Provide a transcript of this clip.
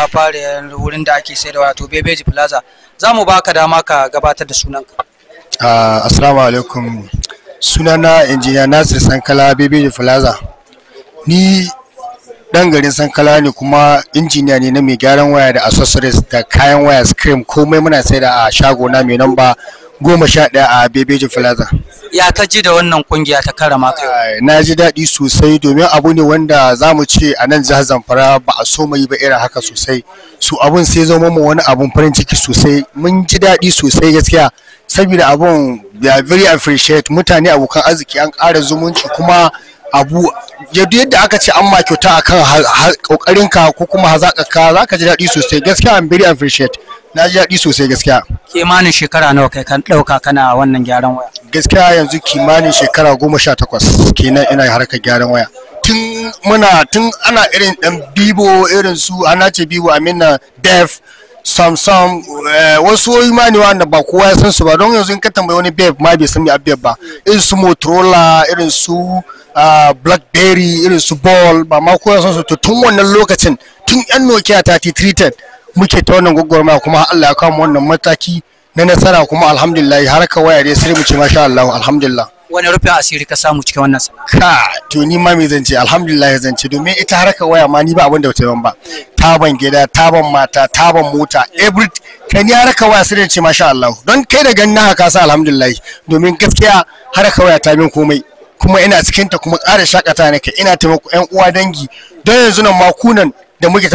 na fara wurin da ake sayarwa to bebeji plaza za mu baka dama ka gabatar da sunanka uh, assalamu alaikum sunana injiniya nasir sankala bebeji plaza ni dan garin sankala ne kuma injiniya ne na mai gyaran waya da accessories da kayan waya screen komai muna saida a shago na mai namba goma sha ɗaya a bebeji plaza ya ta ji da wannan kungiya ta karama kai na ji daɗi sosai domin abu ne wanda za mu ce a nan jihar zamfara ba a so yi ba irin haka sosai su abun sai zama mu wani abun farin ciki sosai mun ji daɗi sosai gaskiya saboda abun ya very appreciate mutane abokan arziki an ƙara zumunci kuma abu yadda aka ce an ma kyauta akan ka ko kuma hazaƙarka za ka ji daɗi sosai gaskiya i'm very appreciate na ji daɗi sosai gaskiya kimanin shekara nawa kai kan ɗauka kana wannan gyaran waya gaskiya yanzu kimanin shekara goma sha takwas kenan ina harkar gyaran waya tun muna tun ana irin dan bibo irin su ana ce bibo amina uh, def samsam eh, wasu wani mani wanda ba kowa ya san su ba don yanzu in ka tambayi wani bef ma bai san mai abbe ba irin su motorola irin su ah, blackberry irin su ball ba ma kowa ya san su tun wannan lokacin tun yan nokia 3310 muke ta wannan gwagwarmaya kuma Allah ya kawo wannan mataki na nasara kuma alhamdulillah har ka waya dai sai mu ce masha Allah alhamdulillah wani rufe asiri ka samu cikin wannan sana'a ka to ni ma me zan ce alhamdulillah zan domin ita ka waya ma ni ba abin da ta ban ba taban gida taban mata taban mota every kan ni ka waya sai ce masha Allah don kai da ganin haka sa alhamdulillah domin gaskiya ka waya ta min komai kuma ina cikin ta kuma ƙara shakata nake ina taimako ƴan uwa dangi don yanzu nan makunan da muke